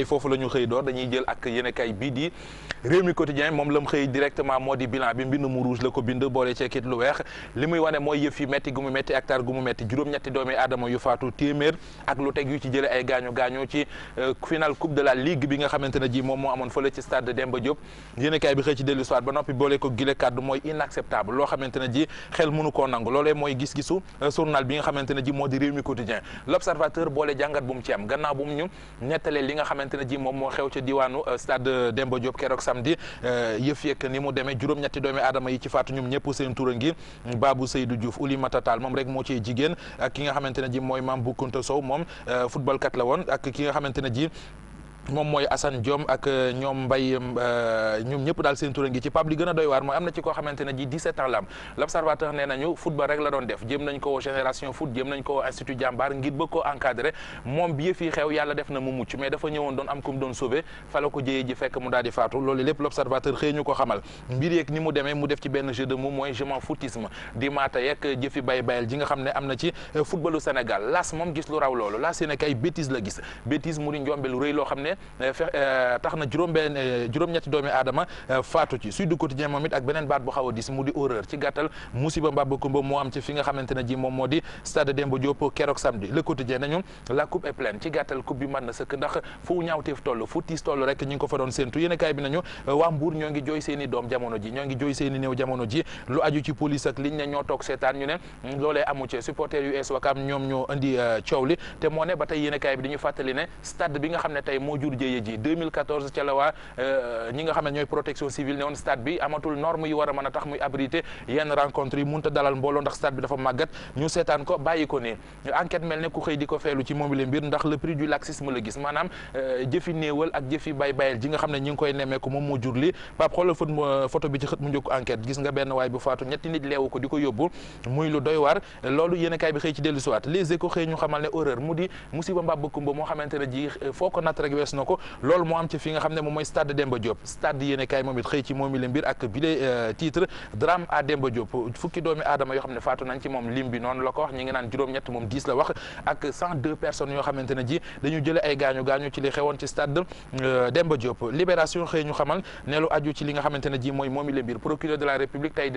tey foofu la ñu xëy door dañuy jël ak yéenekaay bii di réew mi quotidien moom la mu xëy directement moo di bilan bi mbind mu rouge la ko bind boole ceekit lu weex li muy wane mooy yëf yi metti gu mu metti hectare gu mu metti juróom-ñetti doomi aadama yu faatu téeméer ak lu teg yu ci jële ay gaañu gaañu ci euh, final coupe de la ligue bi nga xamante ji moom moo amoon fële ci stade Demba Diop yéenekaay bi xëy ci dellu soir ba noppi boole ko gile kàddu mooy inacceptable xamante ne ji moom moo xew ca diwaanu euh, stade euh, Demba Diop keroog samedi euh, yëf yekk ni mu demee juróom-ñetti doomi adama yi ci faatu ñoom ñëpp seen tura ngi Babou Seydou Diouf Oulimata Tall moom rek moo ciy jigéen ak ki nga xamante ne ji mooy Mame Bou Kounta Sow moom football kat la woon ak ki nga xamante ne ji moom mooy Assane Diom ak euh, ñoom Mbaye euh, ñoom ñëpp daal seen tur ngi ci Pape li doy waar mooy am na ci koo xamante ne ji 17 ans la am l'observateur nee nañu football rek la doon def jéem nañ ko génération foot jéem nañ ko institut jàmbaar ngir na mu mucc mais dafa ñëwoon doon am ku mu doon sauvé fa la ko lépp l'observateur xëy ñu ko xamal mbir yeeg ni mu demee mu def ci benn jeu de mots mooy je m'en foutisme di maata yeeg jëfi bay bayal ji nga xam ne am na ci euh, footballu Sénégal las moom gis lu raw loolu las yéen kay bêtise la gis bêtise mu di njombe lu rëy loo xam ne Eh, tax na juróom benn eh, juróom-ñetti doomi aadama eh, faatu ci Sud Quotidien moom it ak beneen baat bu xaw a mu di horreur ci gàttal musiba mbabba kumba moo am ci fi nga xamante ne ji moom moo di stade Demba Diop keroog samedi Le Quotidien nañu la coupe est pleine ci gàttal coupe bi mën na sëkk ndax fu ñaawteef toll fu tiis toll rek ñi ngi ko fa doon séentu yéen kaay bi nañu waa Mbour ñoo ngi jooy seen doom jamono ji ñoo ngi jooy seen néew jamono jur jéye ji 2014 ca euh, ñi nga xam ne ñooy protection civile ne woon stade bi amatul norme yi war a tax muy abrité yenn rencontre yi mënut a dalal mbooloo ndax stade bi dafa màggat ñu seetaan ko bàyyi ko ne enquête mel ne ku xëy di ko feelu ci moom mbir ndax le prix du laxisme la gis maanaam euh, jëfi néewal ak jëfi bay bayal ji nga xam ne ñi ngi koy nemmeeku moom moo jur li Pape xoolal euh, photo bi ci xët mu njëkk enquête gis nga benn waay bu faatu wees na ko loolu moo am ci fi nga xam ne mooy stade Demba Diop stade yéene kaay moom it xëy ci moom la mbir ak bile euh, titre drame à Demba Diop fukki doomi aadama yoo xam ne faatu nañ ci moom lim bi noonu ñi ngi juróom-ñett moom 10 la wax ak 102 personnes yoo xamante ne ji dañu jële ay gaañu gaañu ci li xewoon ci stade euh, Demba Diop libération xëy ñu xamal ne lu aju ci li nga xamante ne ji mooy moom la mbir procureur de la république tey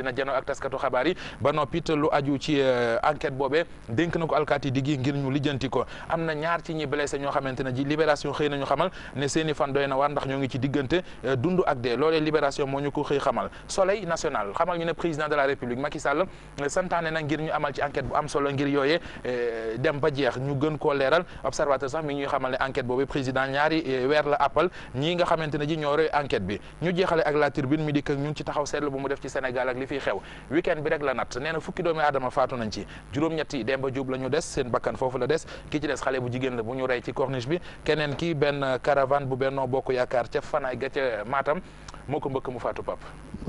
xamal ne seen fan doy na waar ndax ñoo ngi ci diggante euh, dund ak dee loolee libération moo ñu ko xëy xamal soleil national xamal ñu ne président de la république Macky Sall euh, santaane na ngir ñu amal ci enquête bu am solo ngir yooyee euh, dem ba jeex ñu gën koo leeral observateur sax mi ngi ñuy xamal ne enquête boobu président ñaari weer la appal ñii nga xamante ne ji ñoo roy enquête bi ñu jeexale ak la tribune mi dikk ak ñun ci taxaw seetlu bu mu def ci Sénégal ak li caravane bu Benno Bokk Yaakaar ca Fanaay ga ca Matam moo ko mu faatu pap